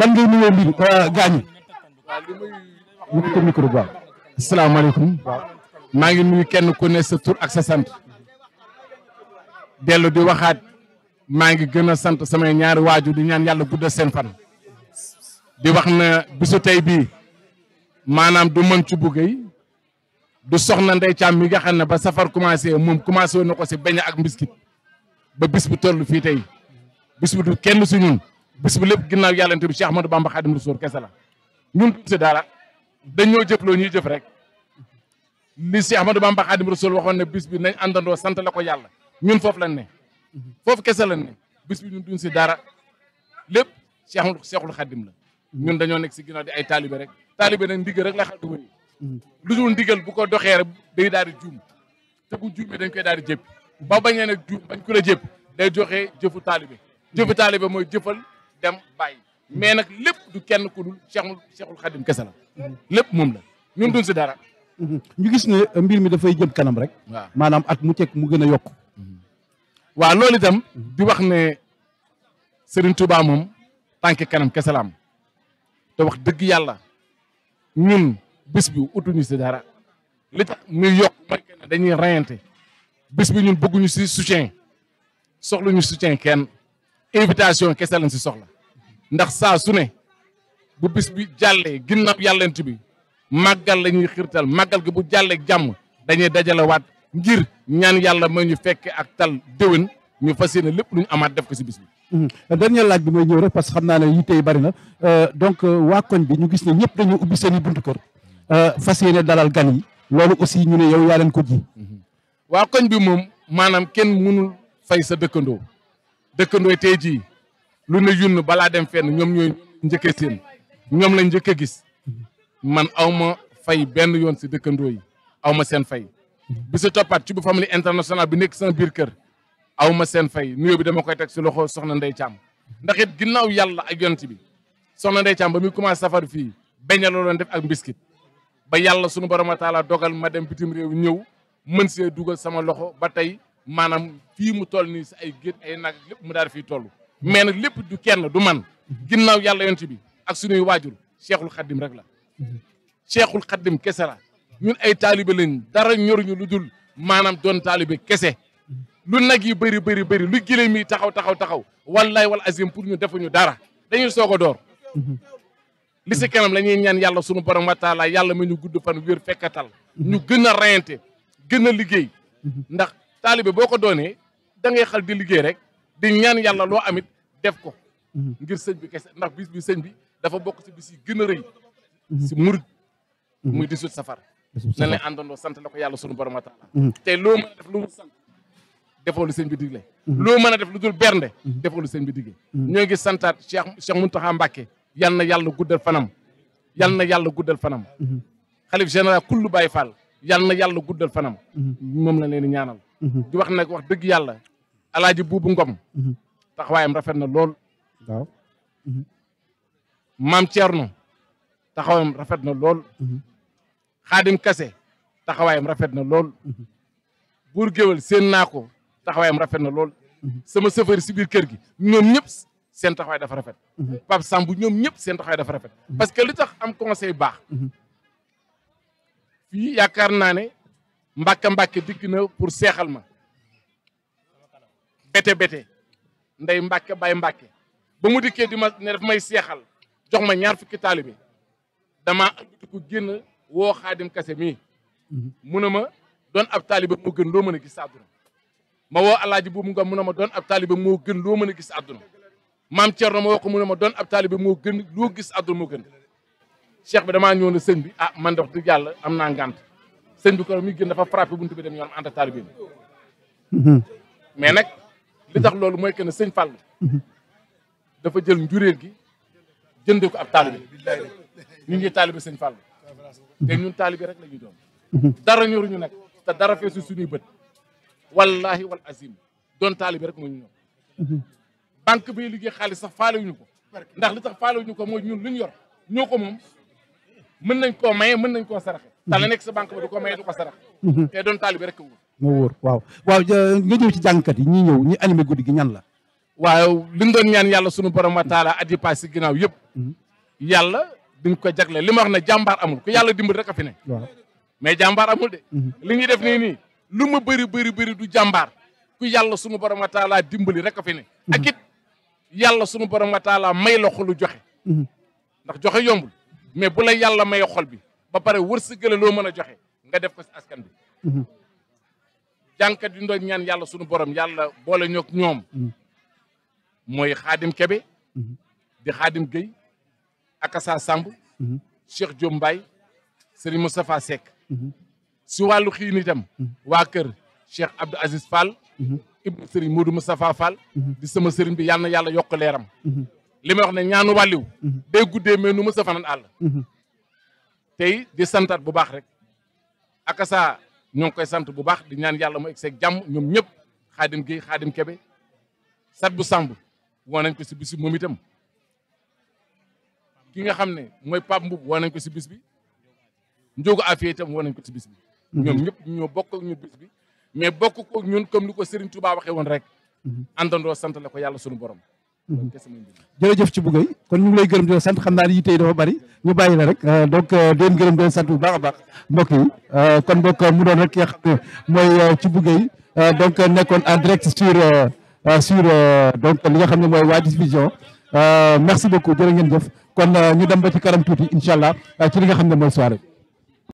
lan ngay nuyoo mbi gaañu ñu ko micro gaaw asalaamaaleykum maa ngi nuyu kenn ku ne sa tur ak sa sant dellu di waxaat maa ngi gën a sant samay ñaari waajur di ñaan yàlla guddal seen fan di wax na bisu tey bii maanaam du mën ci buggey du soxna ndey caam mi nga xam ba safar commencé moom commencé woon na beñ ak mbiskit ba bis bu toll fii tey bis bu du kenn su ñun bis bu lépp ginnaaw yàlla bi Cheikh Ahmadou Bamba Khadim Rassoul kese la ñun tuuti dara dañoo loo ñuy jëf rek li Cheikh Ahmadou Bamba Khadim Rassoul waxoon ne bis bi nañ àndandoo sant la ko yàlla ñun foofu lañ ne foofu kese lañ ne bis bi ñun duñ si dara lépp Cheikh Cheikhul Khadim la ñun dañoo nekk si ginnaaw di ay taalibe rek taalibe nag ndigal rek la xal duwéy lu dul ndigal bu ko doxee rek day daal di juum te bu juumee dañ koy daal di jëpp ba bañee nag juum bañ ku la jëpp day joxee dem bàyyi mais nag lépp du kenn ku dul Cheikhul Cheikhul kese la lépp moom la ñun si dara ñu gis ne mbir mi dafay jëm kanam rek waaw maanaam at mu teg mu gën a yokk waaw loolu itam di wax ne Serigne Touba moom tànk kanam kese la am te wax dëgg yàlla ñun bis bi utuñu si dara li tax muy yokk mooy dañuy rayante bis bi ñun bëgguñu si soutien soxluñu soutien kenn invitation kese lañ ci soxla ndax sa suné bu bis bi jàllee ginnaaw yàllent bi magal lañuy ñuy xirtal màggal gi bu jàllee jamm dañuy dajalewaat ngir ñaan yalla may ñu fekke ak tal déwén ñu fas lepp luñu lu amaat def ko ci bis bi. Mhm. dernier laaj bi may ñëw rek parce que xam naa ne yi bari na euh donc euh, wa koñ bi ñu gis ne ñepp dañoo ubbi seen buntu kër. euh yéene dalal gan yi. lolu aussi ñu né yow yaa leen ko ji. Mhm. wa koñ bi mom manam kenn mënul fay sa dëkkandoo. dëkkandoo tey jii lu ne yunn balaa dem fenn ñoom ñooy njëkkee ñoom la njëkk a gis man awma fay benn yoon si dëkkandoo yi awma seen fay bi si toppaat ci bu famille internationale bi nekk sama biir kër awma seen fay nuyoo bi dama koy teg si loxo soxna Ndey Caam ndaxit it ginnaaw yàlla ak yonent bi soxna Ndey Caam ba mi commencé safar fii beña looloon def ak mbiskit ba yàlla sunu borom a taala dogal ma dem bitim réew ñëw mën see dugal sama loxo ba tey maanaam fii mu toll nii si ay gétt ay nag lépp mu daal di fiy toll mais nag lépp du kenn du man ginnaaw yàlla yonent bi ak suñuy waajur cheikhul xaddim rek la cheikhul xaddim kese la ñun ay taalibe lañ dara ñoruñu lu dul maanaam doon taalibe kese lu nag yi bëri bëri bëri lu giléem yi taxaw taxaw taxaw wallaay wal azim pour ñu defuñu dara dañuy soog a door li si kanam ñaan yàlla sunu borom wa yàlla ma ñu gudd fan wér fekkatal ñu gën a rayante gën a liggéey taalibe boo ko doonee da xal di liggéey rek di ñaan yàlla loo amit def ko mhm. ngir sëñ bi kese bi sëñ bi dafa bokk ci bis yi gën a rëy si mhm. murid mhm. muy 18 safar na leen àndandoo sant la ko yàlla sunu borom te loo mën a def lu sant defoo lu sëñ bi digle loo mën a def lu dul bernde defoo lu sëñ bi digle ñoo ngi santaat Cheikh Cheikh Mountakha Mbacké yal na yàlla guddal fanam yal na yàlla guddal fanam xalif général kullu Baye Fall yal na yàlla guddal fanam moom la leen ñaanal Mhm. di wax na wax dëgg yàlla alaaji buubu ngom mhm. taxawaayam rafet na lool waaw mhm. maam Thierno taxawaayam rafet na lool xaadim kase taxawaayam rafet na lool buur géwél seen naa ko taxawaayam rafet na lool sama sëfër si biir kër gi ñoom ñëpp seen taxawaay dafa rafet Pape Samb ñoom ñëpp seen dafa rafet parce que li tax am conseil baax fii yaakaar naa ne mbàkka mbàkke dikk na pour seexal ma bete bete ndey mbàkke bay mbake ba mu dikkee di ma ne daf may seexal jox ma ñaar fukki taalibe damaa ko génn woo xaadim kase mii mu ne ma doon ab taalibe mu gën loo mën a gis àdduna ma woo alaaji boobu nga mu ne ma doon ab taalibe moo gën loo mën gis àdduna maam Thierno ma woo ko mu ne ma doon ab taalibe moo gën loo gis àdduna moo gën bi damaa ñëw na bi a ah man de wax dëgg yàlla am naa ngànt سندوكار ميجي نفا فرابي بنتو بدم يوم عند تاربين منك لتاخ لول موي كان سين فال دا فا جيل نجوريل كي جندوك اب طالب نيغي طالب سين فال تي نون طالب رك لا ني دوم دارا نيور ني نك تا دارا في سوني بت والله والعظيم دون طالب رك مو نيو بانك بي ليغي خالص صاح فالو نيو ناخ لتاخ فالو نيو كو مو نيو لين يور نيو كو موم من نكو ماي من نكو سرخ te nekk sa banque ba du ko maye du ko sarax mhm. doon taalibe rek wóor moo wóor waaw waaw nga ñëw ci jàngkat yi ñi ñëw ñi animé guddi gi ñan la waaw li mu doon ñaan yàlla sunu borom wa taala at yi passé ginnaaw yëpp mhm. yàlla di ko jagle li ma wax ne jàmbaar amul ku yàlla dimbali rek a fi ne mais jàmbaar amul de mhm. li ñuy def nii nii lu ma bëri bëri bëri du jàmbaar ku yàlla sunu borom wa taala dimbali rek a fi ne ak yàlla sunu borom wa taala may la xolu joxe ndax joxe yombul mais bu la yàlla may xol bi ba pare wërsëgale loo mën a joxe nga def ko si askan bi mhm. jànkat yu ndoy ñaan yàlla suñu borom yàlla boole ñoog ñoom mhm. mooy xaadim kebe mhm. di xaadim Guèye akasa Samb Cheikh Diom Mbaye Serigne Moustapha Seck si wàllu xiin itam waa kër Cheikh Abdou Aziz Fall ibnu Serigne Modou Moustapha Fall di sama Serigne bi yàlla na yàlla yokk leeram li may ne ñaanu wàlliw day guddee mais nu Moustapha nan àll tey di santaat bu baax rek akasa ñoo ngi koy sant bu baax di ñaan yàlla mu egg jàmm ñoom ñëpp xaadim gi xaadim kebe sat bu sàmb woo nañ ko si bis bi moom itam ki nga xam ne mooy Pape Mboup woo nañ ko si bis bi Ndiogo Afia itam woo nañ ko si bis bi mhm. ñoom ñëpp ñoo bokk ak ñun mais bokk ko ñun comme ni ko Serigne Touba waxee woon rek mhm. àndandoo sant la ko yàlla sunu borom jërëjëf ci buggay kon ñu ngi lay gërëm di sant xam naa yi tey dafa bari ñu bàyyi la rek euh, donc euh, di gërëm di sant bu baax a baax mbokk euh, kon mbokk mu doon rek ki xam ne mooy ci buggay donc nekkoon en direct sur sur donc li nga xam ne mooy Wadis Vision merci beaucoup jërë ngeen jëf kon ñu dem ba ci kanam tuuti incha allah ci li nga xam ne mooy soirée